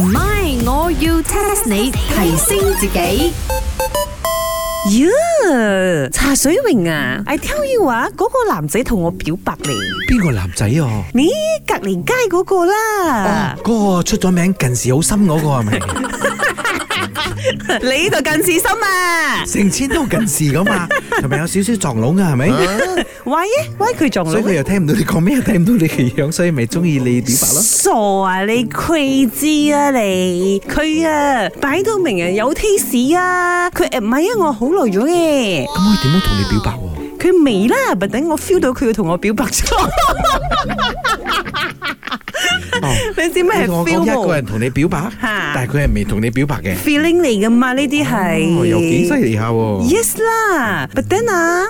唔係，mind, 我要 test 你提升自己。呀，yeah, 茶水榮啊，I tell you 啊，嗰個男仔同我表白嚟。邊個男仔哦、啊？咦，隔籬街嗰個啦。嗰、oh, 個出咗名近視好深嗰、那個係咪？ 你呢度近視深啊！成千都近視噶嘛，係咪 有少少撞腦噶？係咪 吧？喂喂，佢撞腦，所以佢又聽唔到你講咩，又聽唔到你嘅樣，所以咪中意你表白咯？傻啊！你 crazy 啊！你佢啊，擺到明人有 taste 啊！佢唔係啊，我好耐咗嘅。咁佢點樣同你表白啊？佢未啦，咪等我 feel 到佢要同我表白咗。 你知咩係 feel 冇？一個人同你表白，但係佢係未同你表白嘅，feeling 嚟噶嘛？呢啲係，有幾犀利下？Yes 啦，But then 啊，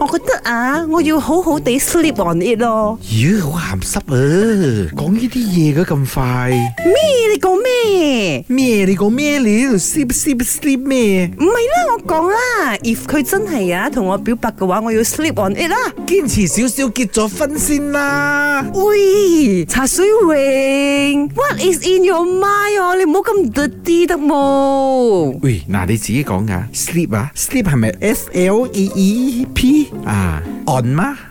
我覺得啊，我要好好地 sleep on it 咯。咦，好鹹濕啊！講呢啲嘢嘅咁快。咩你講？咩？咩？你講咩料？Sleep，sleep，sleep 咩？唔係啦，我講啦。If 佢真係啊同我表白嘅話，我要 sleep on it 啦。堅持少少，結咗婚先啦。喂，茶水泳，What is in your mind？哦，你唔好咁 dirty 得冇？喂，嗱你自己講噶，sleep 啊，sleep 係咪 S L E E P 啊？on 嗎？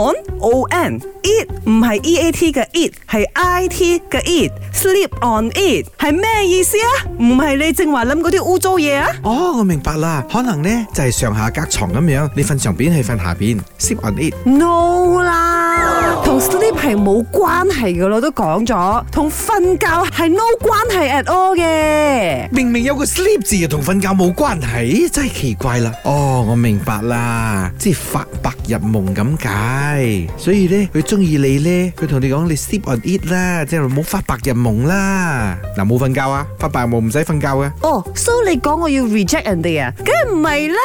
On, O N, it 唔係 E A T 嘅 it 係 I T 嘅 it, sleep on it 係咩意思啊？唔係你正話諗嗰啲污糟嘢啊？哦，我明白啦，可能咧就係上下隔床咁樣，你瞓上邊，佢瞓下邊。Sleep on it？No 啦，同 sleep 係冇關係噶咯，我都講咗，同瞓覺係 no 關係 at all 嘅。明明有個 sleep 字啊，同瞓覺冇關係，真係奇怪啦。哦，我明白啦，即係發白日夢咁噶。係，所以咧佢中意你咧，佢同你講你 sleep on it 啦，即係唔好發白日夢啦。嗱，冇瞓覺啊，發白日夢唔使瞓覺噶。哦，so 你講我要 reject 人哋啊？梗係唔係啦，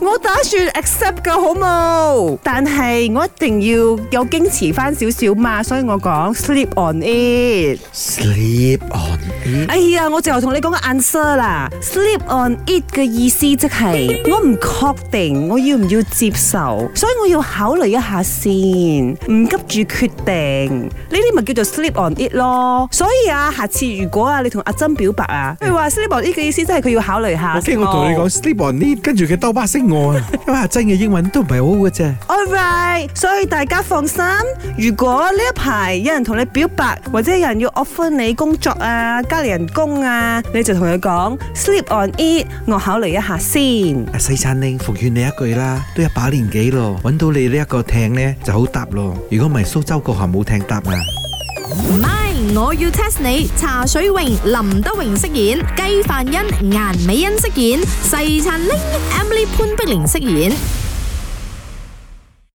我打算 accept 噶，好冇？但係我一定要有矜持翻少少嘛，所以我講 sleep on it。sleep on it。哎呀，我就同你講個 answer 啦，sleep on it 嘅意思即係我唔確定我要唔要接受，所以我要考慮一下。下先，唔急住決定，呢啲咪叫做 sleep on it 咯。所以啊，下次如果啊你同阿珍表白啊，譬如話 sleep on it 嘅意思，即係佢要考慮下先。我驚我同你講 sleep on it，跟住佢兜巴星我啊，因為阿珍嘅英文都唔係好嘅啫。All right，所以大家放心，如果呢一排有人同你表白，或者有人要 offer 你工作啊、加你人工啊，你就同佢講 sleep on it，我考慮一下先。阿西餐廳奉勸你一句啦，都一把年紀咯，搵到你呢一個聽呢就好搭咯，如果唔係蘇州嗰下冇聽搭啊。MY，我要 test 你。茶水榮、林德榮飾演，雞飯欣、顏美恩飾演，細陳玲、Emily 潘碧玲飾演。